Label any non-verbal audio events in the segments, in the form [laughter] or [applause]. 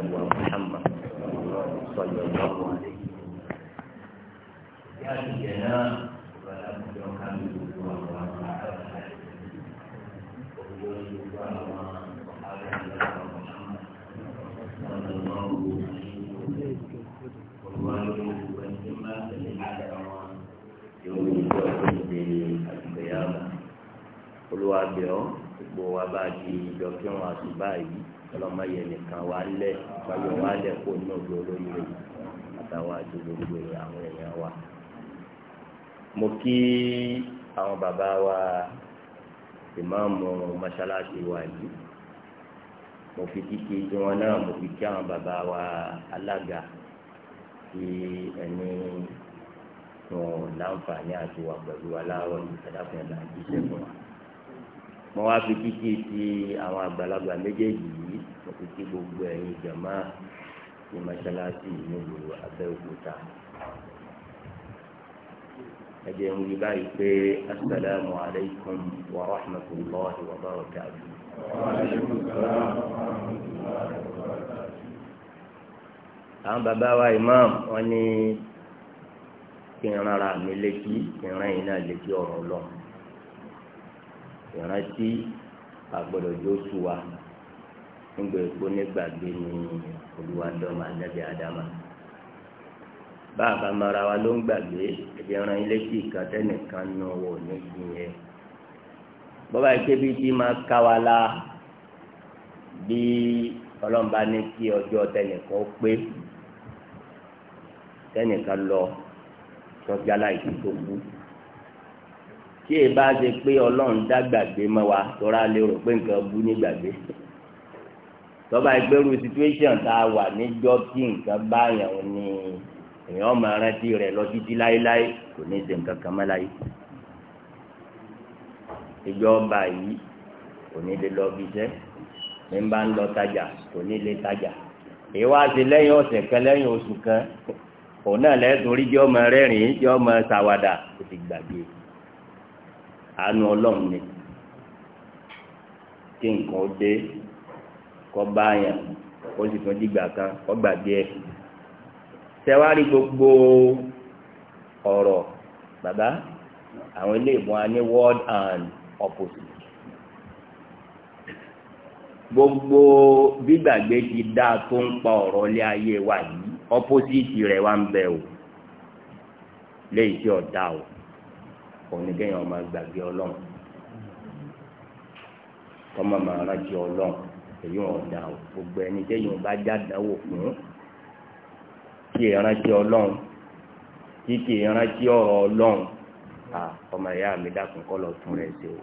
نبوة محمد صلى الله عليه وسلم يا الجناب ولا بد وحمد الله olùwàbẹ̀ ọ́ gbogbo wa bá di ìjọ kí wọn àtúbà yìí ọlọ́mọ yẹn nìkan wà lẹ́ẹ̀ wáyé wá lẹ̀ kó ní ọ̀gbìn olóyè àtàwọn àti gbogbo àwọn èèyàn wa. mo kí àwọn bàbá wa ìmáàmù mọ́ṣáláṣí wa yìí mo fi kíkí tí wọn náà mo fi kí àwọn bàbá wa alága tí ẹni wọn láǹfààní àti wà pẹ̀lú aláwọ̀ ìsàdáfẹ́ là jíṣẹ́ fún wa. mo wá fi kíkí ti àwọn àgbàlagbà méjèèjì yìí mo ti kí gbogbo ẹ̀yin jàmá ní mọ́ṣáláṣí nílùú Abẹ́òkúta. ẹ jẹ́ ń wí báyìí pé asalaamu alaykum wa rahmatulahi wa barakatu. àwọn bàbá wa imam wọn ní kí n rárá mi létí kí n rán yín náà létí ọ̀rọ̀ lọ ìrántí àgbọ̀dọ̀ yóò tú wa nígbà èkó nígbàgbé ni olúwa dọ́mà lẹ́bí àdámà báàbá mara wa ló ń gbàgbé ẹ̀jẹ̀ ran ilé tí ìkan tẹ́nìkan nù wò ní ìyẹn bọ́bá ìkébi tí máa ká wa la bí ọlọ́mba ní kí ọjọ́ tẹ́nìkan pé tẹ́nìkan lọ sọ́jà láìsí tó kú tí èyí bá ṣe pé ọlọ́run dá gbàgbé mọ́ wa tọ́ra lérò pé nǹkan bú ní gbàgbé tọ́ba ìgbẹ́rù situation tá a wà níjọ́ tí nǹkan bá yàn ó ní èèyàn máa rántí rẹ̀ lọ títí láéláé kò ní ṣe nǹkan kan mọ́láyé ìjọba yìí kò ní lè lọ bí iṣẹ́ ní bá ń lọ tajà kò ní lè tajà èyí wá sí lẹ́yìn ọ̀sẹ̀ kan lẹ́yìn oṣù kan òun náà lẹ́sùn orí jọ́ máa rẹ́rìn-ín jọ́ máa ṣàwàdà kò sì gbàgbé àánú ọlọ́run ni kí nǹkan ó dé kọ́ bá yẹn ó sì tún dìgbà kan kọ́ gbàgbé ẹ̀ gbogbo ọ̀rọ̀ bàbá àwọn ilé ìbọn á ní word and opposite gbogbo gbígbàgbé ti dá tó ń pa ọ̀rọ̀ lé ayé wa yìí opposite rẹ̀ wá ń bẹ o léyìí tí ọ̀dà o òun kéèyàn máa gbàgbé ọlọ́run kọ́ máa máa rántí ọlọ́run èyí wọn dà o gbogbo ẹni tẹ́yìn bá jáde wò fún kí ìrántí ọlọ́run kí kì í rántí ọ̀rọ̀ ọlọ́run ọmọ ìyá mi dákun kọ́ lọ tún rẹ̀ ṣe o.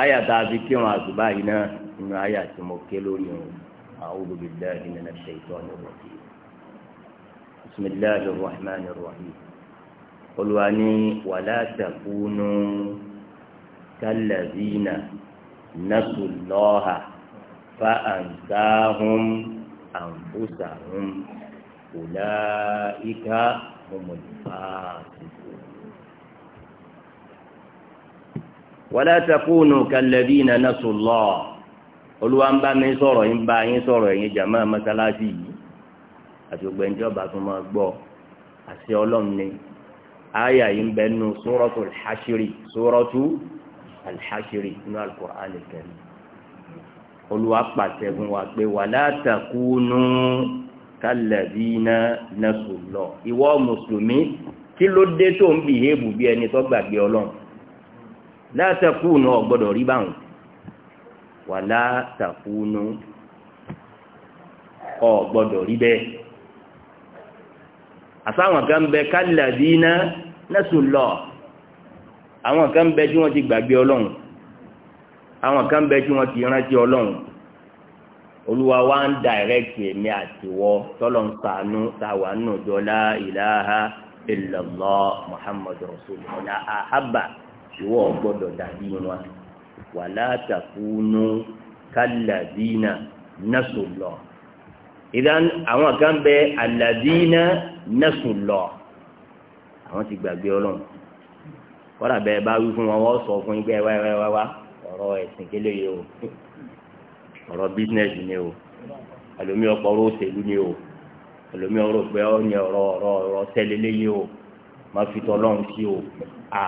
àyà tá a fi kírun àsùbá yìí náà nínú àyà tí mo ké lórí o a'udhu billahi minash shaitanir rajim bismillahir rahmanir rahim olùwà ni wala takunu kallazina nasu lọ́ha fa àǹsáhùn àǹfùsàhùn kùlá ìka ọmọdébà tuntun. wàlá takùnù kàlẹ́bí na nasu lọ́ olúwa ń bá mi sọ̀rọ̀ yín bá yín sọ̀rọ̀ ẹ̀yin jàmá mọ́sálásí yìí àti ògbẹ́njọba tó máa gbọ́ àti ọlọ́run àyà yìí bẹ́ẹ̀ nu sórọ́tù hashiri sórọ́tù alḥashiri inú alukur'an al-karim olùwà pàṣẹ fún wa pé wala takunu kalladhina nasullah ìwọ mùsùlùmí kí ló dé tó ń bì hébu bí ẹni tó gbàgbé ọlọ́run la takunu rí báwọn wala takunu ọ̀gbọ́dọ̀ rí bẹ́ẹ̀ àsáwọn kan bẹ kalladhina nasullah àwọn kan bẹ tí wọ́n ti gbàgbé ọlọ́run àwọn kan bẹ tí wọ́n ti rántí ọlọ́run olúwa wa ń direct èmi àtiwọ tọ́lọ̀ ń sànú táwa nù jọlá ìlàhà illallah muhammadu rasulullah ọ̀nà àhábà ìwọ gbọ́dọ̀ dàbí wọn wàlá takunu kálàdínà nasullah ìdán àwọn kan bẹ àlàdínà nasullah àwọn ti gbàgbé ọlọ́run kọ́dà bẹ́ẹ̀ bá wí fún wọn wọ́n sọ fún yín pé wá wá wá wá ọ̀rọ̀ ẹ̀sìn kélé yìí o ọ̀rọ̀ bísínẹ́sì ni o àlòmí ọ̀pọ̀ ọ̀rọ̀ òṣèlú ni o àlòmí ọ̀rọ̀ pé ọ ní ọ̀rọ̀ ọ̀rọ̀ ọ̀rọ̀ tẹ́lẹ̀ léyìí o má fi tọ́ lọ́hùn sí o a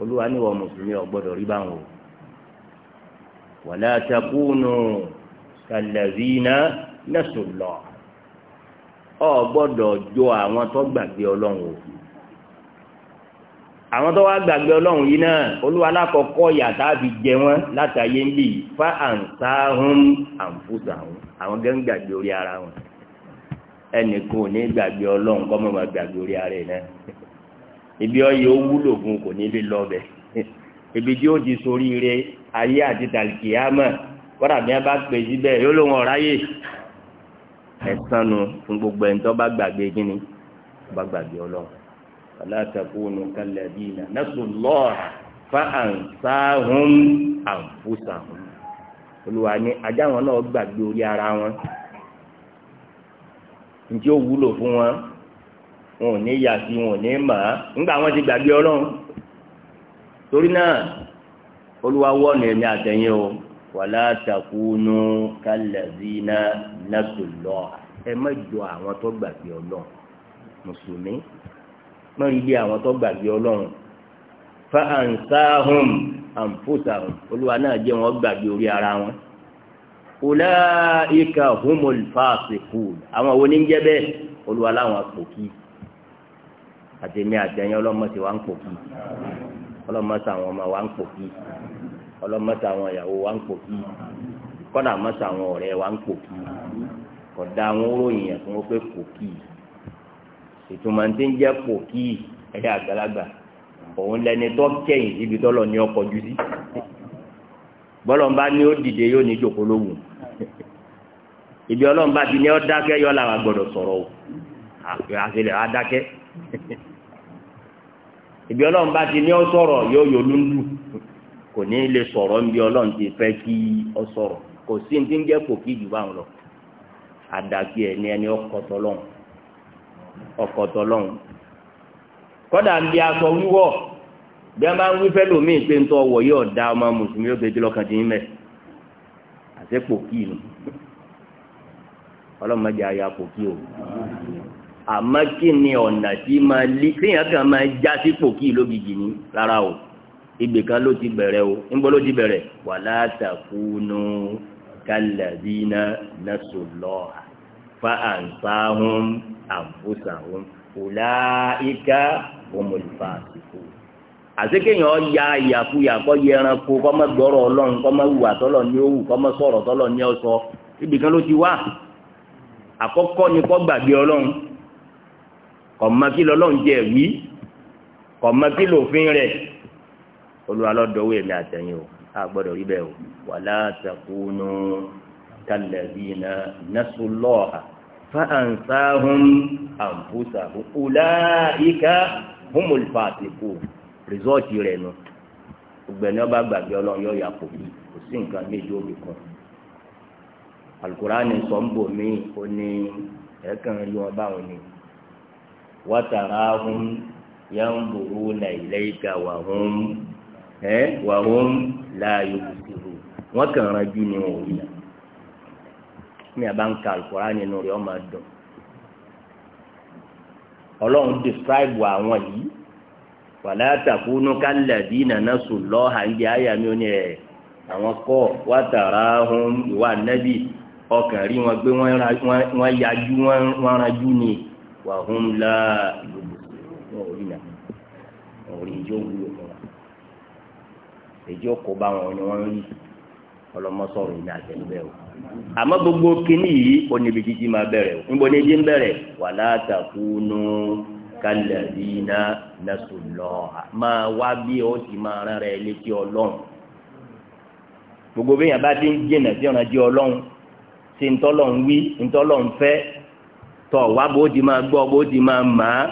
olúwa ní wọn mùsùlùmí ò rí báwọn o wàlá takùnù kàlàzínà nẹ́sùlọ̀ ò gbọ́dọ̀ jọ àwọn tó gbàgbé ọlọ́run o àwọn tó wá gbàgbé ọlọ́run yìí náà olúwa alákọ̀ọ́kọ́ yàtá fi jẹ wọn látàyé ń bì fa àǹsáhùn àǹfùsàhùn àwọn gẹ́gẹ́ gbàgbé orí ara wọn ẹnì kò ní gbàgbé ọlọ́run kọ́ mọ̀ máa gbàgbé orí ara ẹ̀ náà ibi ọyẹ ó wúlò fún kò ní lè lọ bẹ̀ ibi tí ó ti sórí ire ayé àti tàlìkìyàmọ̀ kọ́dà bí wọ́n bá pè síbẹ̀ yóò lóun ọ̀ráyè ẹ̀sán nu fún gbogbo ẹ̀ ولا تكونوا كالذين نسوا الله فأنساهم أنفسهم Olúwa ni ajá wọn náà gbàgbé orí ara wọn ǹjẹ́ ó wúlò fún wọn wọn ò ní yà sí wọn ò ní mà á ńgbà wọn ti gbàgbé Ọlọ́run torí náà Olúwa wọ́ọ̀nù ẹ̀mí àtẹ̀yìn o wàlá takunu kallazina nasullah ẹ má jọ àwọn tó gbàgbé Ọlọ́run mùsùlùmí má rí ilé àwọn tó gbàgbé ọlọ́run fa ansahum anfusahum olúwa náà jẹ́ wọn gbàgbé orí ara wọn ulaika humul fasiqun àwọn wo ni ń jẹ́ bẹ́ẹ̀ olúwa láwọn àpòkì àtẹ̀mí àtẹ̀yìn ọlọ́mọ̀sí wa ń pòkì ọlọ́mọ̀sí àwọn ọmọ wa ń pòkì ọlọ́mọ̀sí àwọn ìyàwó wa ń pòkì kọ́dà mọ̀sí àwọn ọ̀rẹ́ wa ń pòkì kọ̀dà àwọn oróyìn ẹ̀fún wọn pé pòkì ìtumọ̀ tí ń jẹ́ pò kí ẹ̀yà àgbàlagbà òun lẹni tó kẹ́yìn síbi tọ́lọ̀ ní ọkọ̀ jù sí bọ́lọ̀mbá ni ó dìde yóò ní ìjòkó lóhùn ibi ọlọ́mbà ti ọ dákẹ́ yọ làwọn gbọ́dọ̀ sọ̀rọ̀ o ibi ti ní ọ sọ̀rọ̀ yóò yọ lúndù kò ní lè sọ̀rọ̀ níbi ọlọ́run ti fẹ́ kí ọ sọ̀rọ̀ kò sí ní ti ń jẹ́ lọ àdàkì ẹ̀ ní ọkọ tọlọ́run kódà ń bí aṣọ wíwọ̀ bí a máa ń wí fẹ́ pé ń tọ́ ọwọ́ ọmọ mùsùlùmí ó gbèjì lọ́kàn dín mẹ́ kí o àmọ́ kí ni ọ̀nà tí máa lé kéèyàn kan máa já sípò kí lógìjì ní rárá o kan ti bẹ̀rẹ̀ o ló ti bẹ̀rẹ̀ fa ansahum anfusahum ulaika humul fasiqun àsekéyàn ọ̀ya ìyàkuyà kọ́ yẹ ẹranko kọ́ mọ́ gbọ́rọ̀ ọlọ́run kọ́ mọ́ wùwà tọ́lọ̀ ní owù kọ́ mọ́ sọ̀rọ̀ tọ́lọ̀ ní ọ̀sọ́ ibì kan ló ti wá àkọ́kọ́ ni kọ́ gbàgbé ọlọ́run kọ́ mọ́ kí lọ́lọ́run jẹ́ wí kọ́ mọ́ kí lòfin rẹ̀ olúwa èmi àtẹ̀yìn o a gbọ́dọ̀ rí bẹ́ẹ̀ o wala takunu kalladhina nasullah fa'ansahum anfusahum ulaika humul fasiqun rìsọ́ọ̀tì rẹ̀ nù ọgbẹ́ni ọba gbàgbé ọlọ́run yóò yà kò bí kò sí nǹkan méjì òbí kan alukurani sọ̀nbọ̀ mi ò ní ẹ̀ẹ́kan rí wọn báwọn ni watarahum yanzuruna ilayka wa hum ẹ̀ wa hum la yubsirun kàn rán jù wọn ò rí mi àbá ń ka Al-Kùránì nínú rẹ̀ ọmọ dùn ọlọ́run describe àwọn yìí wàlá takunu kalladhina nasu Allaha ń jẹ́ àyà mi ò ní ẹ̀ àwọn kọ́ wàtàrà ohun ìwà nẹ́bí ọkàn rí wọn pé wọ́n yajú wọ́n ranjú ni wàhùn la wọn ò rí nà wọn ò rí ìjọ wúlò fún wa ìjọ kó bá wọn ni wọ́n rí ọlọ́mọ sọ̀rọ̀ ìní àtẹnubẹ́ o àmọ́ gbogbo kínní yìí ó níbi jíjí máa bẹ̀rẹ̀ o níbo níbi ń bẹ̀rẹ̀ wala takunu kalladina nasullah máa wá bí ó sì máa rán rẹ létí ọlọ́run gbogbo bí yẹn bá ti ń jìnà sí ọ̀nà jí ọlọ́run sí ntọ́lọ́run wí ntọ́lọ́run fẹ́ tọ̀ wá bó ti máa gbọ́ bó ti máa mà á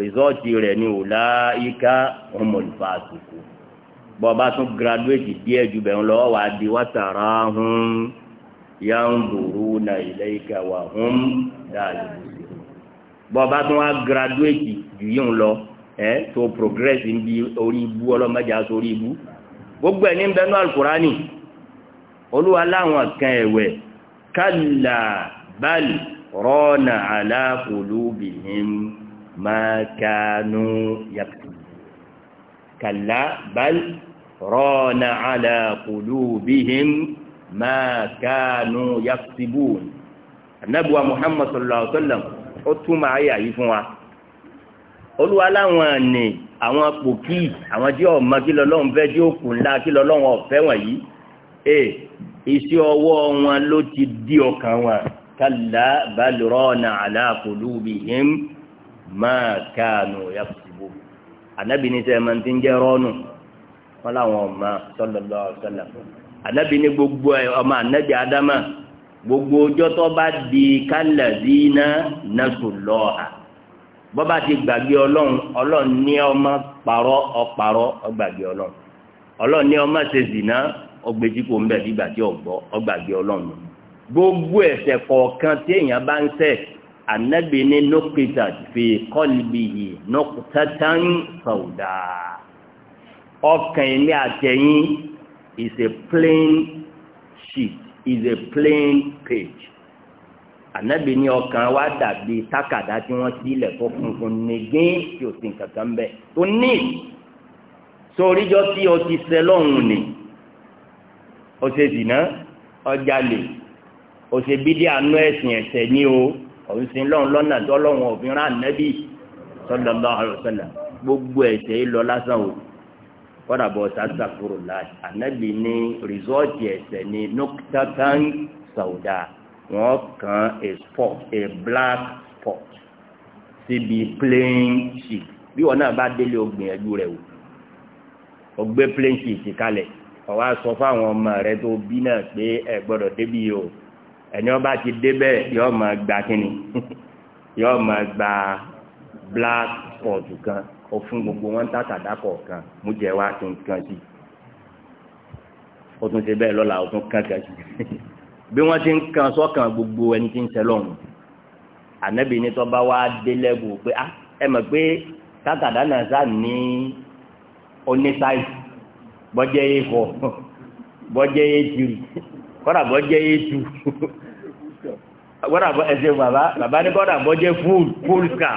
rìsọ́ọ̀tì rẹ̀ ni ulaika humul fasiqun bọ́ọ̀bá tún gíradúwétì díẹ̀ jù bẹ̀rún lọ́wọ́ wà á di wátàrá hún yá ń dòrú na ilẹ̀ ìka wà hún dáàlì bọ́ọ̀bá tún wá gíradúwétì jù yíyún lọ ẹ tó progress ń bi orí ibú ọlọ́mọdé aṣọ orí ibú gbogbo ẹ̀ ní ń bẹnu alukurani olúwa láwọn kan ẹ̀wẹ̀ kálá báàlì rọ́ọ̀nà aláfòlúbìnrin máa kánú yàtọ̀ kálá báàlì rọ́ọ̀nà àlà qulubihim ma kanu yaktibun anabuwa muhammad sallallahu alaihi wa sallam ó túmọ̀ ayé yìí fún wa olúwa láwọn àní àwọn pòkì àwọn tí ọmọ kí lọ́lọ́run fẹ́ tí ó kù ńlá kí lọ́lọ́run ọ̀fẹ́ wọ̀nyí ee iṣẹ́ ọwọ́ wọn ló ti di ọkàn wọn kálá balùrọ́ọ̀nà àlà qulubihim ma kanu yaktibun anabi ní sẹ́yìn máa ti ń jẹ́ rọ́ọ̀nù wọn làwọn ọmọ sallallahu alaihi wasallam anabi ní gbogbo ọmọ anabi adama gbogbo ọjọ́ tó bá di kallazina nasulloha bọ́ba ti gbàgbé ọlọ́run ọlọ́run ní ọmọ parọ́ ọparọ́ ọgbàgbé ọlọ́run ọlọ́run ní ọmọ ṣe zìnà ọgbẹ́jì kò ń bẹ̀ nígbà tí ọgbọ́ ọgbàgbé ọlọ́run gbogbo ẹ̀ṣẹ̀ kọ̀ọ̀kan tí èèyàn bá ń ṣẹ̀ anabi ní nukita fi qalbihi nuqtatan sawda ọkàn èmi àtẹ̀yìn is a plain sheet is a plain page ànábì ní ọkàn wa dàbí tákàdá tí wọ́n sílẹ̀ tó funfun nìgbín tí o sì ń kankan bẹ̀ tó ní sóríjọ́ tí o ti sẹ lọ́hùn ni o ṣe dìná ọjà lè o ṣe bídí àánú ẹ̀sìn ẹ̀sẹ̀ ní o òun sin lọ́hùn lọ́nà tọ́lọ́hùn òfin rán ànábì sallallahu alaihi wasallam gbogbo ẹ̀sẹ̀ yìí lọ lásán o kọ́dà bọ̀ sàtàkùrù láti ànábì ní rìsọ́ọ̀tì ẹ̀sẹ̀ ní nọ́kítàkàn sàwùdà wọ́n kan a spot a black spot síbi plain sheet bí wọn náà bá délé ogbìyànjú rẹ o ọgbẹ plain sheet kalẹ̀ ọwọ́ aṣọ fáwọn ọmọ rẹ tó bí náà pé ẹ gbọ́dọ̀ débi o ẹni wọn bá ti débẹ̀ yọọ máa gba kínní [laughs] yọọ máa gba black spot kan ó fún gbogbo wọn ń tàtàdá kọ̀ọ̀kan mú jẹ wá tó nǹkan sí ó tún ṣe bẹ́ẹ̀ lọ́la ó tún kankan sí [laughs] bí wọ́n ti ń kan sọ́kàn gbogbo ẹni tí ń ṣe lọ́hùn ànábì ní tó bá wá dé lẹ́bù pé á ah, ẹ mọ̀ pé tàtàdá náà sá ní onísáì bọ́jẹ́ yé fọ bọ́jẹ́ yé tiri kọ́dà bọ́jẹ́ yé tu kọ́dà bọ́ ẹsẹ̀ [laughs] [laughs] bàbá bàbá ní kọ́dà bọ́jẹ́ fúl fúl kà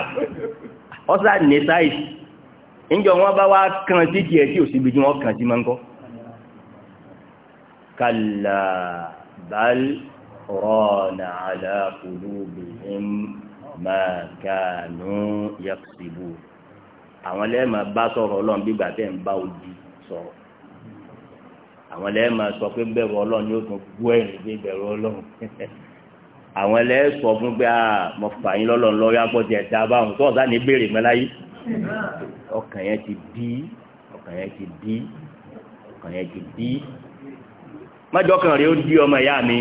ọ́sà ní sáì níjọ wọn bá wá kan sí tiẹ̀ tí ò síbi tí wọ́n kàn sí máa ń kọ́ kàlà bal rọ́ọ̀nà àlà qulubihim máa kànú yaqsibu àwọn lẹ́ẹ̀mà bá sọ̀rọ̀ ọlọ́run bígbà tẹ̀ ń bá odi sọ̀rọ̀ àwọn lẹ́ẹ̀mà sọ pé bẹ̀rù ọlọ́run yóò tún gbọ́ ẹ̀rìn pé bẹ̀rù ọlọ́run [laughs] àwọn lẹ́ẹ̀sọ̀ fún pé ah, mo lọ́lọ́run lọ́ọ́ yá pọ̀ báwọn tó ọ̀sán ní béèrè mẹ́láyé ọkàn yẹn ti bí ọkàn yẹn ti bí ọkàn yẹn ti bí mọ́jọ́ kan rèé ó di ọmọ ìyá mi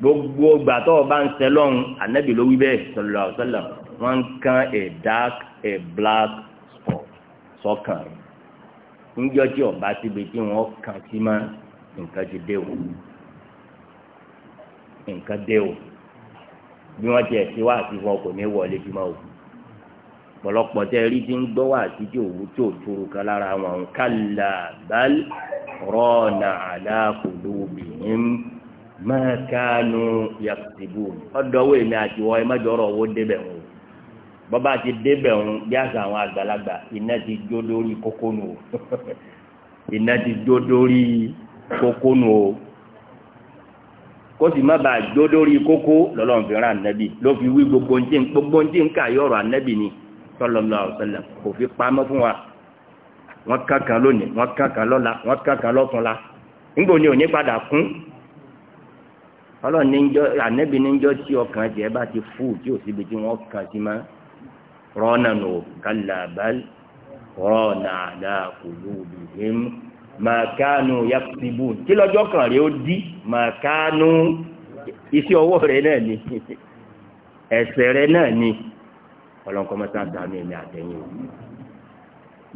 gbogbo ìgbà tó o bá ń sẹ lọ́hùn ànábì ló wí bẹ́ẹ̀ sallallahu alaihi wasallam kan a dark a black spot sọ́kàn rẹ̀ níjọ́ tí ọba síbi tí wọ́n kàn sí mọ́ nǹkan ti dé o nǹkan dé o bí wọ́n tiẹ̀ sí wá àti wọn kò ní wọlé bí mọ́ o pọ̀lọpọ̀ tẹ rí ti ń gbọ́ wá àti tí òwú tí ò tóró kan lára wọn kálá bal rọ́ọ̀nà àdákòlóbì ní mẹ́kánú yàtìbù ọ̀dọ́wọ́ èmi àti wọ́n ẹ má jọrọ̀ owó débẹ̀ wọn bọ́bá ti débẹ̀ wọn bí àṣà àwọn àgbàlagbà iná ti jó dórí kókónù o [laughs] iná ti jó dórí kókónù o kó sì má bàa jó dórí kókó lọ́lọ́run fi rán ànábì ló fi wí gbogbo ntí gbogbo ntí ń kà yọ̀rọ̀ ànábì ni sallallahu alaihi wasallam kò fi pamọ́ fún wa wọ́n kankan lónìí wọ́n kankan lọ́la wọ́n kankan lọ́túnla nígbò ní òní padà kún ọlọ́ọ̀ni níjọ́ ànẹ́bí níjọ́ tí ọkàn jẹ́ bá ti fú tí ò síbi tí wọ́n kàn sí ma rọ́ọ̀nà nù kálá báyìí rọ́ọ̀nà àdá qulubihim màkánù yaksibu tí lọ́jọ́ kan rèé ó di màkánù iṣẹ́ ọwọ́ rẹ̀ náà ni [laughs] ẹ̀ṣẹ̀ rẹ̀ náà ni ọlọ́nkọ́ mọ́sáàtà ní ẹ̀mí àtẹ̀yìn o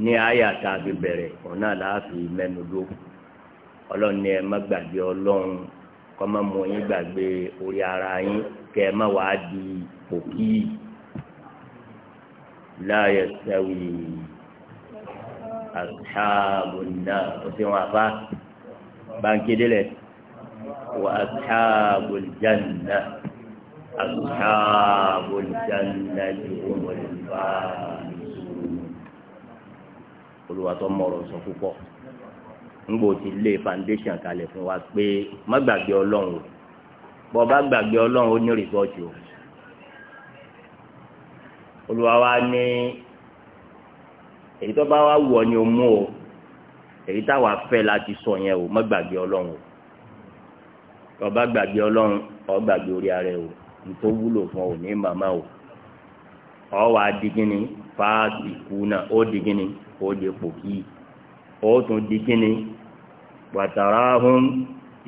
ní àyà tá a fi bẹ̀rẹ̀ ọ̀nà láàfin mẹ́nu dó ọlọ́run ní ẹ má gbàgbé ọlọ́run kọ́ má mú yín gbàgbé orí ara yín kẹ́ ẹ má wàá di òkì láàyè sẹ́wì àṣàbùnà ó ti wọn àbá báńkì délẹ̀ wà àṣàbùnà. أصحاب الجنة هم الفائزون Olúwa tó mọ̀rọ̀ sọ púpọ̀ ńgbò tí lé foundation kalẹ̀ fún wa pé má gbàgbé ọlọ́run o bọ́ bá èyí tó bá wá wù ni o mú o èyí táwa fẹ́ láti sọ yẹn o má gbàgbé ọlọ́run o tó gbàgbé ọlọ́run ó gbàgbé orí ara ẹ o nítorí wúlò fún ọ ní màmá o ọ wà á di kíni fáàtì kú náà ó di kíni ó di pòkì ó tún di kíni watarahum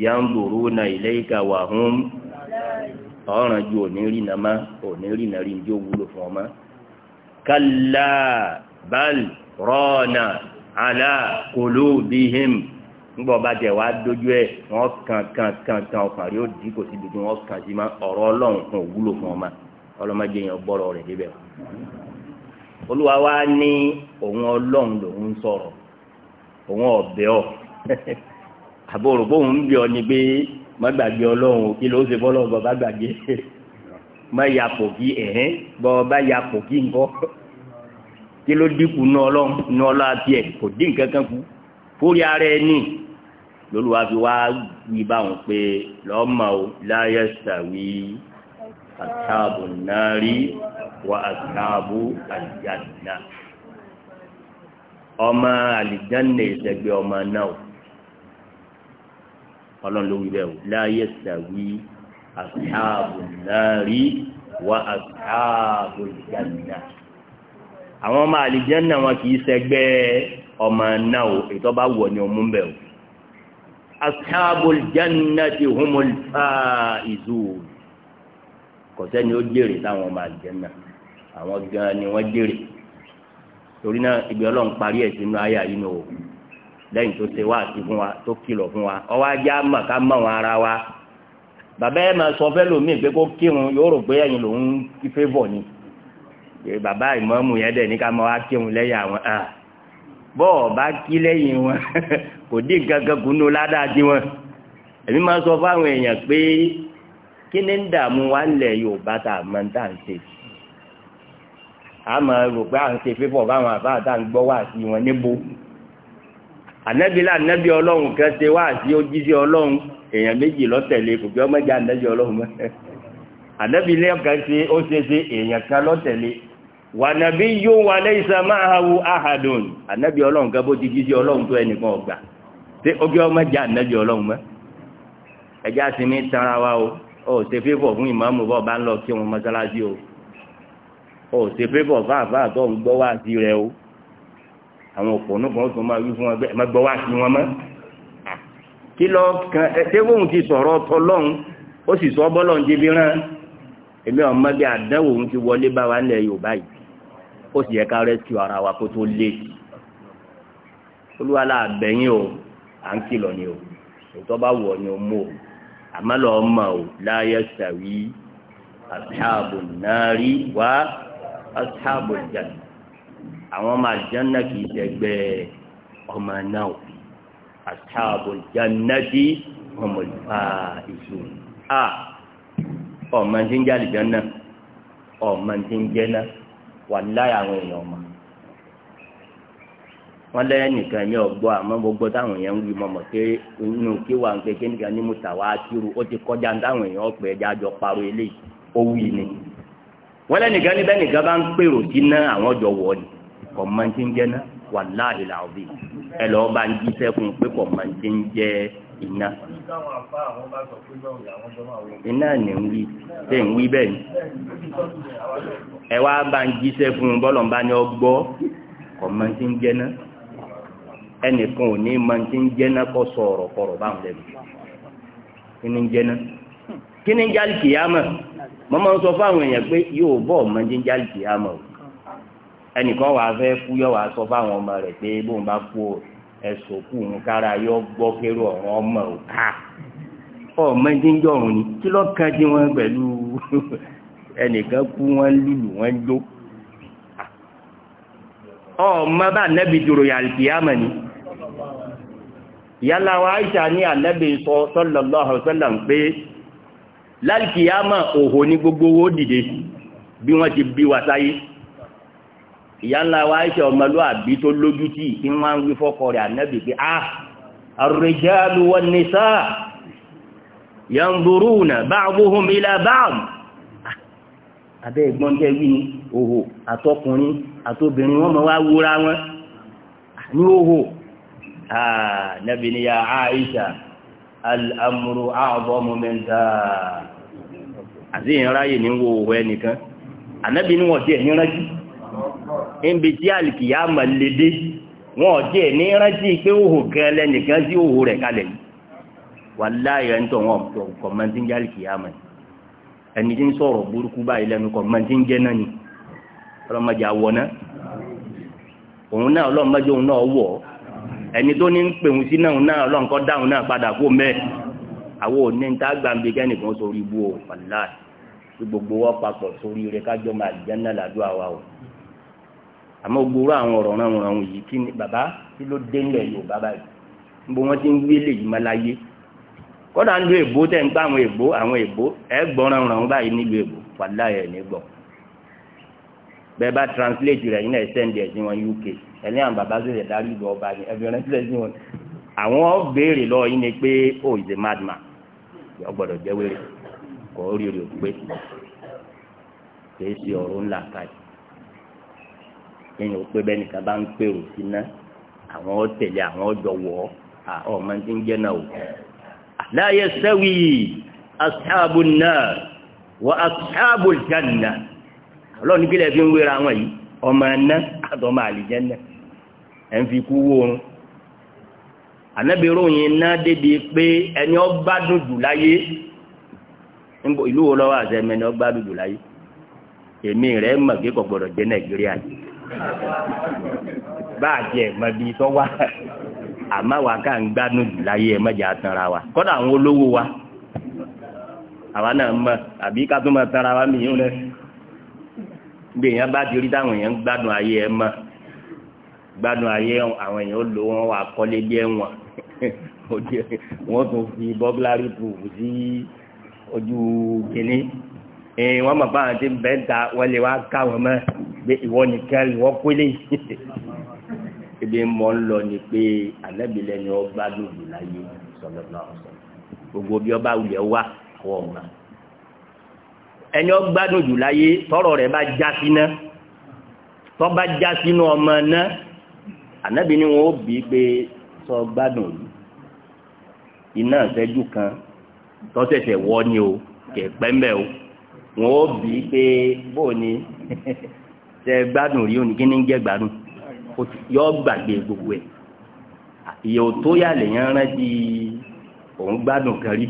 yanzuruna ilayka wa hum ọ̀ràn ju òní rí nàmá òní rí nàrí ní ó wúlò fún ọmọ kalla bal rana ala qulubihim ńgbọ́ ọba jẹ́ wàá dojú ẹ̀ wọ́n kàn kàn kàn kàn ọkàn rí ó di kò sí di kí wọ́n kàn sí ma ọ̀rọ̀ ọlọ́run kan òwúlò fún ọmọ ọlọ́mọdé yẹn gbọ́rọ̀ rẹ̀ débẹ̀ o. olúwa wa ní òun ọlọ́run lòun sọ̀rọ̀ òun ọ̀bẹ ọ̀ [laughs] àbòrò bóun ń bí ọ ni pé má gbàgbé ọlọ́run kí ló ṣe bọ́ lọ́gbọ̀n bá gbàgbé [laughs] má yapò kí ẹ̀hẹ́n bọ́ bá yapò kí nǹkan kí ló dínkù ní ọlọ́run ní ọlọ́run àti ẹ̀ kò dín nǹkan kan kú fúri ara ẹni lóluwà fi wá wí báwọn pé lọ́mọ o láyé sàwí àtàbù nárí wà àtàbù àlìjáná ọmọ àlìjáná ìṣẹ́gbẹ́ ọmọ náà ọlọ́run ló wí bẹ́ẹ̀ o láyé sàwí àtàbù nárí wà àtàbù àlìjáná àwọn ọmọ àlìjáná wọn kì í ṣẹgbẹ́ ọmọ náà o ètò wọ̀ ni ọmú bẹ́ẹ̀ ashabul jannati humul faizun kò sẹ́ni ó jèrè táwọn ọmọ àlùjànnà àwọn gan ni wọ́n jèrè torí náà ibi ọlọ́run parí ẹ̀ sínú ayé àyínú o lẹ́yìn tó ṣe wáàsí fún wa tó kìlọ̀ fún wa ọwọ́ ajá mà ká mọ̀ wọn ara wa bàbá ẹ̀ máa sọ fẹ́ lómi pé kó kírun yóò rò pé ẹ̀yin lòún fẹ́ bọ̀ ni bàbá ìmọ̀ọ́mù yẹn dẹ̀ ní ká máa wá kírun lẹ́yìn àwọn ah, bọ́ọ̀ bá kí lẹ́yìn wọn kò dín gangan kùnú ládàá tí wọn èmi máa sọ fáwọn èèyàn pé kí ni ń dààmú wa ń lẹ̀ Yorùbá tá a máa ń tà ń ṣe a máa rò pé à ń ṣe fífọ̀ báwọn àbá àtà ń gbọ́ wá sí wọn níbo ànábi lá ànábi ọlọ́run kan ṣe wá sí ojíṣẹ́ ọlọ́run èèyàn méjì lọ́tẹ̀lé kò gbé ọmọdé ànábi ọlọ́run mọ́ [laughs] ànábi lẹ́yìn ṣe ó ṣe ṣe èèyàn kan lọ́tẹ̀lé wà nàbí yóò wà lẹ́yìísá máa hawu ahadùn ànábì ọlọ́run kan bó ti jí sí ọlọ́run tó ẹnìkan ọgbà tí ojú ọmọ jẹ ànábì ọlọ́run mọ́ ẹjẹ́ àsìmí tanra wa o ò ṣe fífọ̀ fún ìmáàmù bọ́ọ̀ bá ń lọ kí wọn mọ́sálásí o ò ṣe fífọ̀ fáàfáà tó ń gbọ́ wá sí rẹ o àwọn òpònú kan tó máa wí fún wọn bẹ́ẹ̀ má gbọ́ wá sí wọn mọ́ kí lọ ó sì yẹ ká rescue ara wa kó tó lé olúwa la bẹ̀yìn o à ń kìlọ̀ ni o ètò ọba wọ̀ ni o mú o àmọ́ lọ mọ̀ o láyé sàwí asáàbò nàárí wá asáàbò jàn àwọn ọmọ àjánná kì í ṣẹgbẹ́ ọmọ náà o asáàbò jannati ọmọ ìfà ìṣù a ọmọ tí ń jẹ́ àlìjánná ọmọ tí ń jẹ́ náà wàláyà àwọn èèyàn mọ̀ wọ́n lẹ́yìn nìkan mi ò gbọ́ àmọ́ gbogbo táwọn èèyàn ń wí mọ̀mọ́ pé inú kí wà ń kékeré nìkan ní mùtàwá tìrú ó ti kọjá táwọn èèyàn ọ̀pẹ̀ ẹja jọ parọ́ eléyìí ó wí ni wọ́n lẹ́nìkan níbẹ̀ nìkan bá ń pèrò sí ná àwọn ọjọ́ wọ̀ ni kò mọ ti ń jẹ́ ná wàláhì làbí ẹ lọ́ọ́ bá ń jí sẹ́kùn pé kò mọ ti ń jẹ́ iná. iná ni ń wí ṣé ń wí bẹ́ẹ̀ ni ẹ wá bá ń jíṣẹ́ fún un bọ́lọ̀ ń bá ní ọgbọ́ kọ́ máa ti ń jẹ́ná ẹnìkan ò ní máa ti ń jẹ́ná kọ́ sọ ọ̀rọ̀ kọ̀rọ̀ báwọn lẹ́nu kí ni ń jẹ́ná kí ni ń jálì kìyàmọ̀ mọ́ máa ń sọ fáwọn èèyàn pé yóò bọ́ máa ti ń jálì kìyàmọ̀ o ẹnìkan wàá fẹ́ kú yọ wàá sọ fáwọn ọmọ rẹ̀ pé bóun bá kú o ẹ̀sùn kù ń kára yọ gbọ́ kéré ọ̀rọ̀ ọmọ òkà ọmọ ẹ̀dínjọ́rùn ni kí lọ́ọ́ kan dín wọn pẹ̀lú ẹnìkan kú wọ́n lùlù wọ́n jó ọmọ bá nẹ́bi dúró yàlùkìyàmọ̀ ni yálà wa Aisha ní ànẹ́bi sọ sallallahu alaihi wasallam pé lálùkìyàmọ̀ òhò ní gbogbo owó dìde bí wọ́n ti bí wa sáyé ìyá ńlá wa Aisha ọmọlúwàbí tó lójú tí kí wọ́n ń wí fọ́kọ rẹ̀ ànẹ́bi pé ah ar-rijalu wan-nisaa yanzuruna ba'duhum ila ba'd. abẹ́ ẹ̀gbọ́n tẹ́ wí ni òhò àtọkùnrin àtobìnrin wọ́n mọ̀ wá wúra wọn ní òhò nàbí ya Aisha al-amru a'zamu min ní wo òhò ẹnìkan ni wọ́n tiẹ̀ ní rántí níbi tí àlìkìyà lè dé wọ́n pé òhò sí òhò rẹ̀ kalẹ̀ ń tọ̀ wọn kọ̀ ẹni tí ń sọ̀rọ̀ burúkú báyìí lẹ́nu kọ̀ máa ti ń jẹ́ náà ni ọlọ́mọdé àwọ̀ náà òun náà ọlọ́mọdé òun náà wọ̀ ẹni tó ní ń pè òun sí náà náà ọlọ́nkọ́ dáhùn náà padà kó mẹ́ẹ̀ àwọn òní ń tá gbàǹbí kẹ́nìkan sórí ibú o wàlá tí gbogbo wọn papọ̀ sórí rẹ kájọ máa jẹ́ náà làdúrà wa o àmọ́ gbogbo àwọn ọ̀rọ̀ ránwọ̀n yìí kí ni bàbá kí ló dé ńlẹ̀ Yorùbá báyìí níbo wọ́n ti ń kódà ń lu èbó tẹ̀ ń gbá àwọn èbó àwọn èbó ẹ gbọ́ràn ràn báyìí nílùú èbó wàlá ẹ̀ ní bẹ́ẹ̀ bá translate rẹ̀ yín náà send ẹ̀ wọn UK ẹni àwọn bàbá sọ̀rọ̀ dárí ìlú ọba yẹn ẹ̀fẹ̀ rẹ̀ sílẹ̀ sí wọn àwọn béèrè lọ yín ni pé o oh, is a madman yọ gbọ́dọ̀ jẹ́ wẹ́rẹ́ kọ́ orí rẹ̀ pé kìí ṣe ọ̀rọ̀ ńlá káyì ẹ̀yìn ò pé bẹ́ẹ̀ nìkan bá ń pèrò sí ná àwọn tẹ̀lé àwọn ọjọ́ wọ̀ ọ́ ọmọ ti ń jẹ́ náà o. لا يستوي أصحاب النار وأصحاب الجنة الله نقول في ويرا وي أما أن هذا ما الجنة أن في كون Ànábì ròyìn iná débi pé ẹni ó gbádùn jù láyé níbo ìlú wo lọ́wọ́ àzẹ́mi ẹni rẹ̀ mọ̀ kí kò jẹ́ Nàìjíríà bá jẹ́ mọ̀ bí sọ́wọ́ àmọ́ wa ká ń gbádùn jù láyé ẹ mẹ́jẹ àtànra wa kọ́dà àwọn olówó wa àwa náà mọ̀ àbí ká tó mọ̀ tànra wa mìíràn rẹ̀ gbé èèyàn bá ti rí táwọn èèyàn ń gbádùn ayé ẹ mọ̀ gbádùn ayé àwọn èèyàn ó lò wọ́n wà kọ́lé bí ẹ̀wọ̀n [laughs] wọ́n tún fi bọ́gláàrí pùpù sí ojú kìnní èyí wọ́n mọ̀ báwọn ti bẹ́ẹ̀ ta wọ́n lè wá káwọn mọ́ ìwọ nìkan ìwọ pélé [laughs] ebi mọ̀ lọ ni pé Ànábì lẹ́ni ọgbà lòdì láyé sallallahu alaihi wasallam gbogbo bí ọba wulẹ̀ wà kọ́ ọ̀ma ẹni ọgbà lòdì láyé tọrọ rẹ̀ bá já síná tọba já sínú ọmọ náà Ànábì ni wọn ó bí pé sọ gbádùn yìí iná ìṣẹ́jú kan tọ́sẹ̀sẹ̀ wọ́ ni o kẹ̀pẹ́ mbẹ́ o wọn ó bí pé bóò ni [laughs] ṣe gbádùn rí òní kí ni ń jẹ́ gbádùn yọ gbàgbé gbogbo ẹ̀ ìyẹ̀wò tó yà lèyàn rán di òun gbádùn kan rí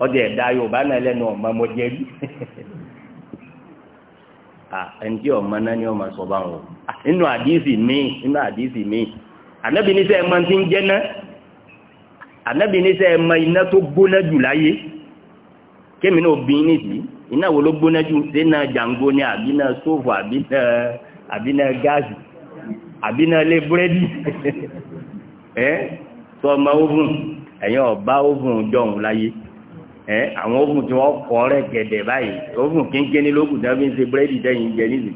ọdẹ ẹ̀dá yorùbá náà lẹ́nu ọ̀mọ mo rí ẹni tí náà ni ọmọ sọ báwọn nínú àdìsí míì nínú àdìsí míì ànábì ní sẹ́ ẹ̀ máa ti ń jẹ́ náà ànábì ní sẹ́ ẹ̀ máa iná tó gbóná jù láyé kémi náà bí nídìí iná wo ló gbóná jù sí náà jàǹgó ni àbí náà sóòfù àbí náà àbí náà gáàsì àbí náà lé búrẹ́dì ẹ́ tó ọmọ oven ẹ̀yìn ọba oven jọ̀hún láyé ẹ́ àwọn oven tí wọ́n kọ́ rẹ̀ gẹ̀dẹ̀ báyìí oven kínkínní lókùn tí wọ́n fi ń ṣe búrẹ́dì dẹ́yìn jẹ nílùú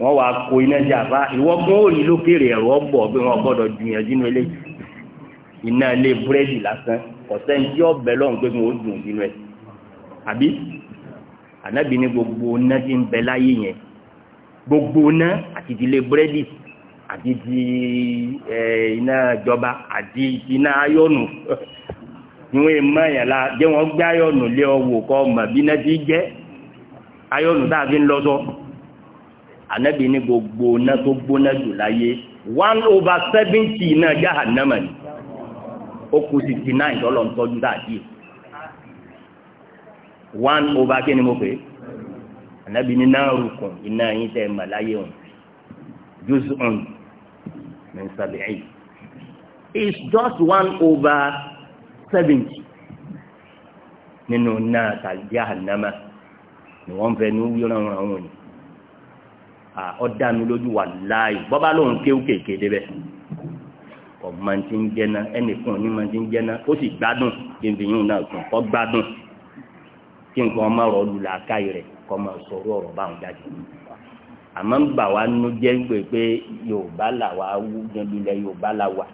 wọ́n wá kó iná jẹ àbá ìwọ́gbọ́n ò ní lókèrè ẹ̀rọ ọ̀bọ̀ pé wọ́n gbọ́dọ̀ gbìyànjú nínú ilé iná ilé búrẹ́dì lásán ọ̀sẹ̀ ń tí ọ̀bẹ lọ́hùn pé wọ́n dùn nínú ẹ̀ àbí ànábì ní gbogbo iná tí ń bẹ láyé yẹn gbogbo iná àti ìdílé búrẹ́dì àti ti iná ìjọba àti iná ayọ́nù níwọ̀n [laughs] ìmọ̀ yẹn la jẹ́ wọ́n gbé ayọ́nù lé ọwọ́ kọ́ mọ̀ bí náà ti jẹ́ ayọ́nù tá a fi ń lọ sọ anabi ní gbogbo náà tó gbóná jù láyé one over seventy náà jahannama ni ó kù sixty nine lọ́lọ́ ń tọ́jú dáàdì one over kí ni mo pè é anabi ní náà rúkùn iná yín tẹ́ ẹ̀ mọ̀ láyé òun jùsùn min sab'in is just one over seventy nínú náà tàbí àhánámà ni wọ́n fẹ́ ní wíwọ́n àwọn àwọn òní ọ̀dánú lójú wà láàyè bọ́bá lòun kéwù kéèké débẹ̀ ọ̀gbọ́n ti ń jẹ́nà ẹnìkan ní ma ti ń jẹ́nà ó sì gbádùn kí n náà kàn kọ́ gbádùn kí nǹkan ọmọ rọ̀ lù làákàyè rẹ̀ kọ́ máa sọ ọ̀rọ̀ báwọn jáde àmọ́ ń bà wá nínú jẹ́ ń gbè pé yorùbá là wá wú níbi ilẹ̀ yorùbá là wà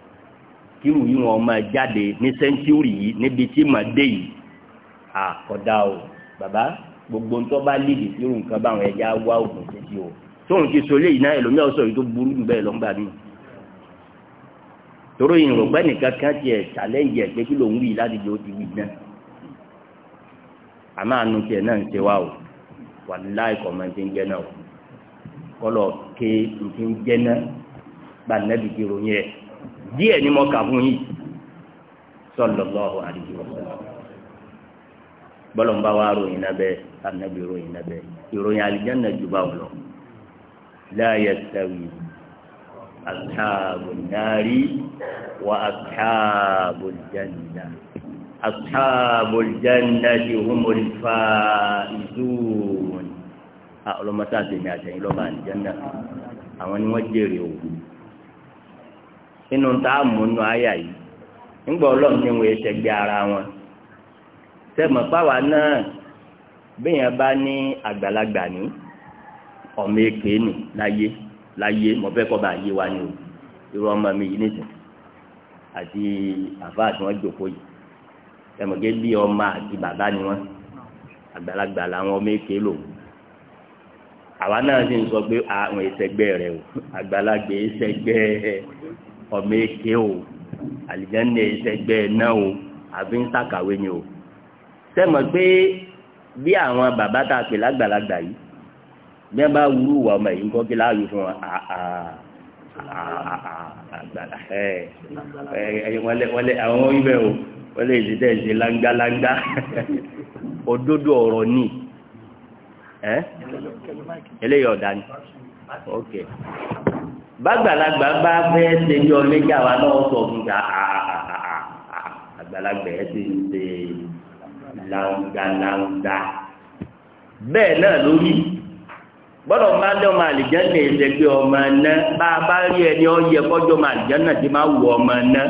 kírù yìí wọn máa jáde ní sẹ́ńtúrì yìí níbi tí mà dé yìí àkọ́dá o bàbá gbogbo ńtọ́ bá lídìí kírù nǹkan báwọn ẹja wá òògùn títí o tóun ti sọ léyìí náà ẹlòmíràn sọ èyí tó burú jù bẹ́ẹ̀ lọ́ngbà mi toro yìí rògbẹ́ nìkan kan tiẹ̀ challenge ẹ̀ pé kí lòun wí láti jẹ́ ó ti wí náà àmọ́ àánú tiẹ̀ náà ń ṣe wá o wàlúùláì kọ̀ọ̀mọ́ ti ń jẹ́ náà o kọlọ ké nfi ń jẹná gbanabi ti ròyìn rẹ díẹ̀ ni mo kà fún yìí sallallahu alaihi wasallam bọlọmọba wa ròyìn nabẹ anabi ròyìn nabẹ ìròyìn alijanna juba wọlọ la yastawi ashabu nari wa ashabu janna ashabu jannati humul faizun. Ah, ọlọ́mọta tèmi àtẹ̀yìn lọ́ba àlìjẹ́ndà àwọn ni wọ́n jèrè o inú ta múnú àyà yìí ńgbà ọlọ́run ni wọ́n ṣe gbé ara wọn sẹ́mọ̀ páwa náà bẹ́yẹn bá ní àgbàlagbà ní ọmọ èké nì láyé láyé mo fẹ́ kọ́ bá yé wa ni o irú ọmọ mi yìí nìsín àti àfáà tí wọ́n jòkó yìí sẹ́mọ̀ gé bí ọmọ àti bàbá ni wọ́n àgbàlagbà làwọn ọmọ èké lòun àwa náà sì ń sọ pé àwọn ìṣẹgbẹ rẹ o àgbàlagbè ìṣẹgbẹ ọmọ èké o àlìjáde ìṣẹgbẹ náà o àfi ń sàkàwé ni o sẹmọ pé bí àwọn bàbá tá a pè lágbàlagbà yìí bí wọn bá wúrú wà ọmọ yìí ń kọ́ kí láàyò fún wọn àgbàlá ẹ ẹ wọn lé àwọn ibẹ o wọn lè ṣe tẹ̀ ṣe láńgáláńgá [laughs] òdodo ọ̀rọ̀ ni. ẹ́ eléyìí ọ̀dà ok bàgbàlagbà bá fẹ́ ṣe ní ọlẹ́jà náà sọ fún ta ah, ah, ah, àgbàlagbà ẹ̀ ti ń ṣe làǹgàlàǹgà bẹ́ẹ̀ náà lórí gbọ́dọ̀ máa dán ọmọ àlìjánà ìṣẹ́gbẹ́ ọmọ ẹ̀nà bá a bá rí ẹni ọyẹ kọjọ́ ọmọ máa wù ọmọ ẹ̀nà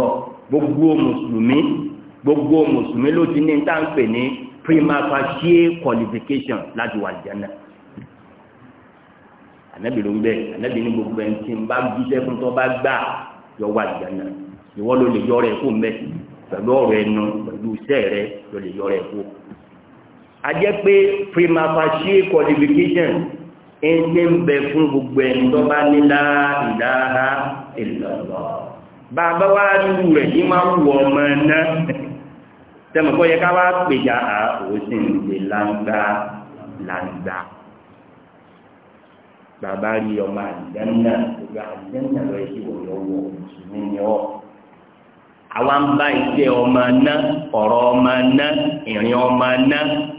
ọ gbogbo mùsùlùmí gbogbo mùsùlùmí ló ti ní ní táwọn ní prima facie qualification láti wà jẹ́nà ànábì ló ń bẹ ànábì ní gbogbo ẹni tí ń bá jíṣẹ́ fún tó bá gbà yọ wà jẹ́nà ìwọ ló lè yọrẹ kó mbẹ pẹ̀lú ọ̀rọ̀ ẹnu pẹ̀lú iṣẹ́ rẹ ló lè yọrẹ kó a jẹ́ pé prima facie qualification ẹni ń bẹ fún gbogbo ẹni tó bá ní la ilaha illallah bàbá wa rírù rẹ̀ ní máa ń ọmọ náà sẹ́mi kọ́ yẹ ká wá pèjà à òun sì ń ṣe láńgbá láńgbá bàbá rí ọmọ àdánná gbogbo àdánná lọ sí wòye ọwọ́ mùsùlùmí ni ọ àwa ń bá iṣẹ́ ọmọ ná ọ̀rọ̀ ọmọ ná ìrìn ọmọ ná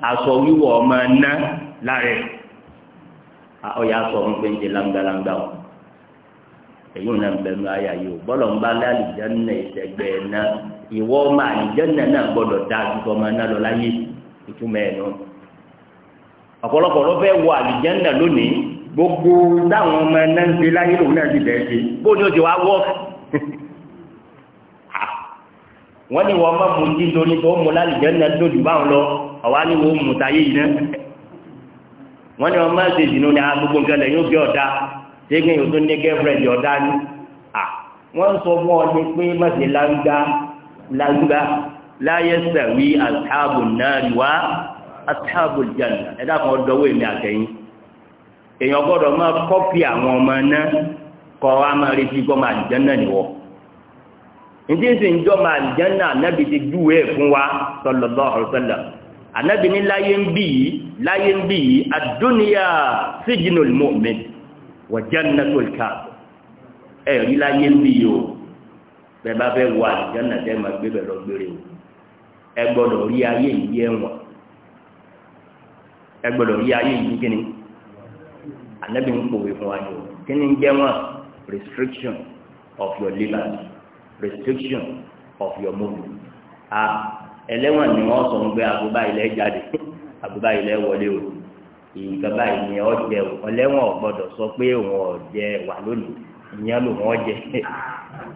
aṣọ wíwọ̀ ọmọ ná lára ọyà sọ fún pé ń ṣe láńgbáláńgbá o èyí ń nà ń bẹnu ayà yìí o bọ́lọ̀ ń bá lálùjá nínú ìṣẹ́gbẹ́ náà ìwọ ọmọ àlìjẹ́nà náà gbọ́dọ̀ dáa ju ọmọ náà lọ láyé ìtumọ̀ ẹ̀ náà ọ̀pọ̀lọpọ̀ ló fẹ́ wọ àlìjẹ́nà lónìí gbogbo táwọn ọmọ náà ń ṣe láyé lòun náà ti bẹ̀ẹ́ ṣe bó ni ó ti wá wọ́ [laughs] ah. wọ́n ní wọ́n máa mú jí lórí tó mú lálìjẹ́nà lójú báwọn lọ ọ̀wá ní wọ́n mú táyé yìí náà [laughs] wọ́n ní wọ́n máa ṣe ìdìnnú ní agbègbè ah, nǹkan lẹ́yìn òbí ọ̀dà ṣégun yóò tó ní gẹ́fẹ̀rẹ̀dì ọ̀dà ni ah. wọ́n sọ fún ọ ní pé má ṣe láńgá lágbá láyé sẹ̀wí àtàbù náà wá àtàbù jẹ̀nà ẹ̀dá kan ọdọ́wọ́ èmi àtẹ̀yìn èèyàn gbọ́dọ̀ máa kọ́pì àwọn ọmọ náà kọ́ wa máa retí gbọ́ máa jẹ́ náà nìwọ̀ ǹjẹ́ sì ń jọ́ máa jẹ́ náà nábì ti júwe ẹ̀ fún wa sallallahu alaihi wasallam ní láyé ń bì yìí láyé ń bì yìí ad-dunya sijnul mu'min wa jannatul kafir ẹ̀rí láyé ń bì yìí bẹ́ẹ̀ bá fẹ́ wọ àlùjáná tẹ́ máa gbé bẹ̀ o ẹ gbọdọ rí ayé yìí ẹ̀wọ̀n ẹ gbọ́dọ̀ rí ayé anabi ń fún wa o kíni ń wọn restriction of your liberty restriction of your movement a ẹlẹ́wọ̀n ni wọ́n sọ ń gbé àbúbá ilẹ̀ jáde [laughs] àbúbá ilẹ̀ wọlé o ìgbà báyìí ni ọ̀jẹ̀ sọ pé òun ọ̀jẹ̀ wà lónìí. ìyẹn ló wọ́n jẹ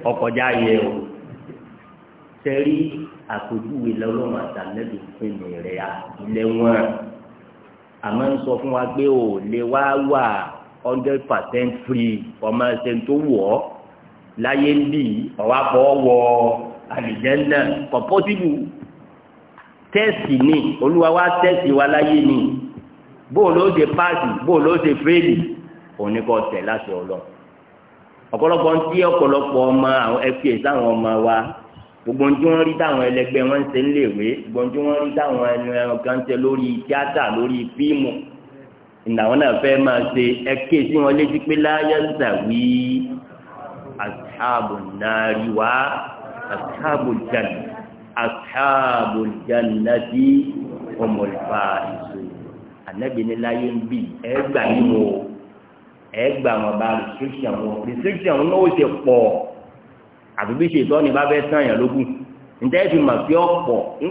ọkọjá yẹ o sẹ́rí àpèjúwe lọ́lọ́mọ àtàlẹ́bí fún mi rẹ̀ ilé wọn àmọ́ ń sọ fún wa pé ò lè wá wà hundred percent free ọmọ ẹsẹ̀ tó wọ̀ ọ́ láyé ń bì ọ̀wá bọ́ wọ àlìjẹ́ndà kọ̀ pọ́sibú ni olúwa wa tẹ́sì wa láyé ni bó ló ṣe páàsì bó ló ṣe fẹ́ẹ̀lì òun ni láti ọlọ́run ọ̀pọ̀lọpọ̀ ń tí ọ̀pọ̀lọpọ̀ ọmọ àwọn fpa sáwọn ọmọ wa gbogbo ń tí wọ́n rí táwọn ẹlẹgbẹ́ wọn ń ṣe níléèwé gbogbo ń tí wọ́n rí táwọn ẹnu ẹran kan ń ṣe lórí tíátà lórí fíìmù ìnáwó náà fẹ́ máa ṣe ẹ ké sí wọn létí pé láyé ń sàwí ashabu nari wa ashabu janna ashabu janna ti ọmọ ìṣòro ẹ gbà wọn bá restriction wọn restriction wọn náà ṣe pọ̀ àbí bí ṣètò ni bá fẹ́ tán yàn lógún ẹ fi nígbà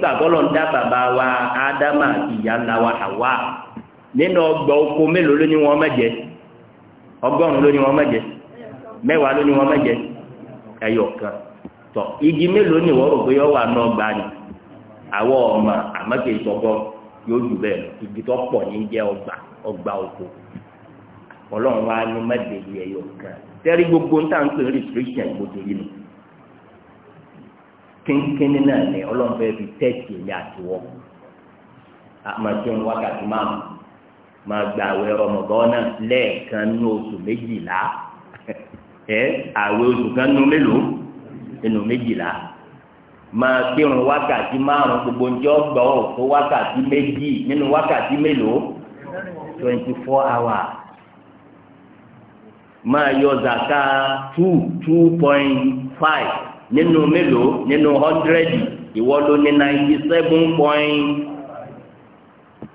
tó dá wa ádámà ìyá ńlá wa àwa nínú ọgbà oko mélòó ló ní wọn ló ní wọn ló ní kan tọ igi mélòó ni rò pé náà gbà yóò jù ọlọ́run wa ni mẹ́tẹ̀ẹ̀lì ẹ̀yọ kan tẹ́rí gbogbo ń tà ń pè restriction gbogbo yìí nù kínkínní náà ni ọlọ́run fẹ́ fi tẹ́tì ẹ̀yà àtiwọ́ àmàtún wákàtí máa mú máa gba àwẹ̀ rọmọdọ́nà lẹ́ẹ̀kan ní oṣù méjìlá [laughs] ẹ àwẹ̀ oṣù kan nínú mélòó nínú méjìlá máa kírun wákàtí márùn gbogbo ń jọ gbọ́ òfó wákàtí méjì nínú wákàtí mélòó twenty four hours máa yọ zaka two two point five nínú mélòó nínú hundred ìwọ ló ní ninety seven point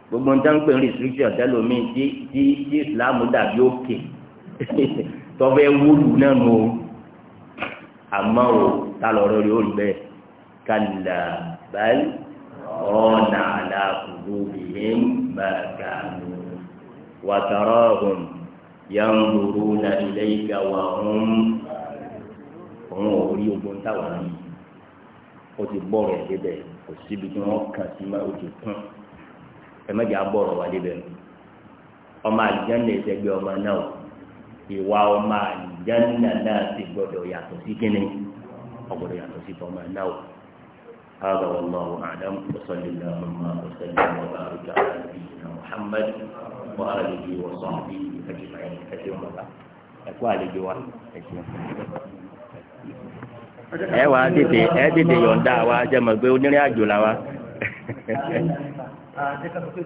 gbogbo ń tán pé restriction tẹ́lẹ̀ omi tí tí tí islam dàbí òkè [laughs] tọ́fẹ́ wúlù náà nù o àmọ́ o ta lọ́rọ́ rẹ̀ ó rí bẹ́ẹ̀ kàlà báyìí ọ̀nà àlàkùnrin bìíní màkànù wàtàrọ̀ ọ̀hún. yanzuruna ilayka wa hum òun ò rí ogun táwọn yìí ó ti bọ̀rọ̀ débẹ̀ kò síbi tí wọ́n kàn sí máa ó ti kún ẹ mẹ́jọ wá débẹ̀ ọmọ ìṣẹ́gbẹ́ ọmọ náà ìwà ọmọ náà ti gbọ́dọ̀ yàtọ̀ sí kínní yàtọ̀ sí náà. هذا والله أعلم وصل اللهم وسلم وبارك على نبينا محمد وآله وصحبه أجمعين كثيرا ẹ̀kọ́ àlejò wa ẹ wà á tètè ẹ tètè yọ̀ǹda wa jẹ́mọ̀ pé onírìn àjò la wa.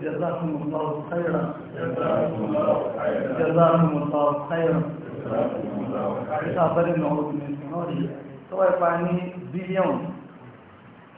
جزاكم الله خيرا جزاكم الله خيرا جزاكم الله خيرا جزاكم الله خيرا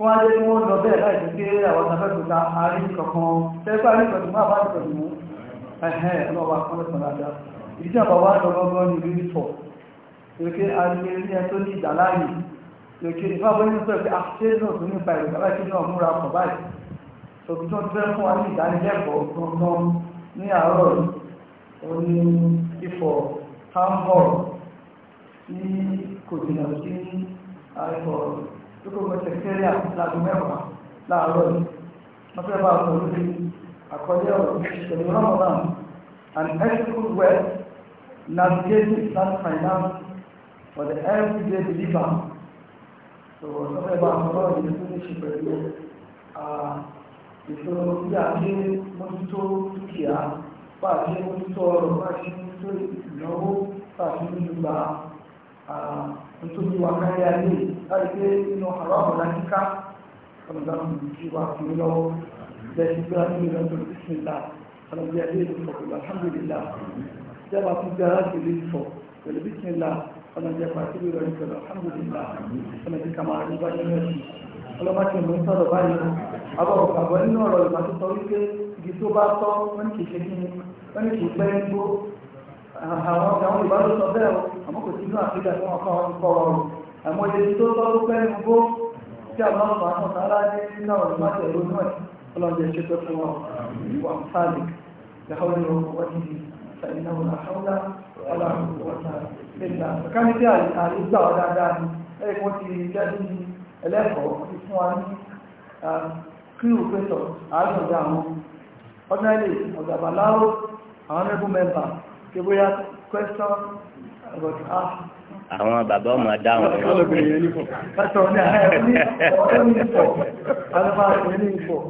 kó wá jẹ́ kí wọ́n lọ bẹ́ẹ̀ láì pé àwọn tàbẹ́kùta àárín kankan tẹ́gbà àárín kankan máa bá ní kankan mú ẹ̀hẹ́ ọlọ́wà kọ́lẹ̀kùn lájá ìdí àbá wá lọ́gọ́gọ́ ní ìlú ìtọ̀ lókè alẹ́rí ẹ tó ní ìdàláyè lókè ìfábọ́ ní sọ pé àṣẹ́nà ah, tó nípa ìlú bàbá kí náà múra pọ̀ báyìí tòbí tó ń fẹ́ fún wa ní ìdánilẹ́kọ̀ọ́ gangan ní àárọ̀ oní ifọ̀ hamburg lókè wọn sẹkẹrẹ àtúntàgbọ mẹ́wàá láàárọ̀ yìí wọn fẹ́ẹ̀ bá wọn lórí àkọlé ọ̀rọ̀ ìṣẹ̀lẹ̀ ramadan an ethical way navigating Islamic finance for the everyday believer so wọn fẹ́ẹ̀ bá wọn lọ́rọ̀ yìí tó ní ṣe pẹ̀lú ètò bí àti mójútó dúkìá bá àti mójútó ọrọ̀ bá àti mójútó ìnáwó bá àti mójútó gbàá nítorí wà káyé ayé láti pé nínú àwọ̀ lákíká ọ̀nàdánù tí wà fi lọ́wọ́ bẹ́ẹ̀ gbé ayé rẹ̀ lọ́dún bísíńlá ọ̀nàdí ayé rẹ̀ fọ̀ pẹ̀lú alhamdulilá jẹ́wà tún gbé ayé rẹ̀ fọ̀ pẹ̀lú bísíńlá ọ̀nàdí ẹ̀fà tí rẹ̀ rẹ̀ pẹ̀lú alhamdulilá ọ̀nàdí kàmá rẹ̀ bá yẹn rẹ̀ ọlọ́mọdé mú sọ̀rọ̀ báyìí abọ́rọ̀ kàbọ̀ nínú ọ̀rọ̀ ìgbà tó sọ wípé igi tó bá tọ́ wọ́n kì í ṣe kí wọ́n kì í pẹ́ gbó àwọn ọ̀gá àwọn ìbálò sọ bẹ́ẹ̀ o àmọ́ kò sí inú àfíjà tí wọ́n kọ́ wọn kọ́ wọn o àmọ́ ilé tó tọ́ ló pẹ́ nu bó tí àwọn ọmọ àwọn ọ̀tá aláàdé nínú àwọn ìmáṣẹ̀ ló náà ọlọ́dẹ ṣe pẹ́ fún wọn wà ń sáàlì ìyàwó ni wọn kọ́ wọ́n ti sàìnà wọn àṣọ́lá ọlọ́run wọn ta nígbà káni tí àrígbà wọn dáadáa ni ẹ̀ kó ti jáde ní ẹlẹ́kọ̀ọ́ ti fún wa ní kírù pẹ́tọ̀ àádọ́dá àwọn ọ̀dọ́ ilé ọ̀dàbàláwò àwọn ẹgbẹ́ mẹ́mbà kí bóyá question about us. àwọn bàbá ọmọ dáhùn ọ̀rọ̀ pásítọ̀ ní àárẹ̀ ní ọ̀rọ̀ ní ìfọ̀ alẹ́ bá ní ìfọ̀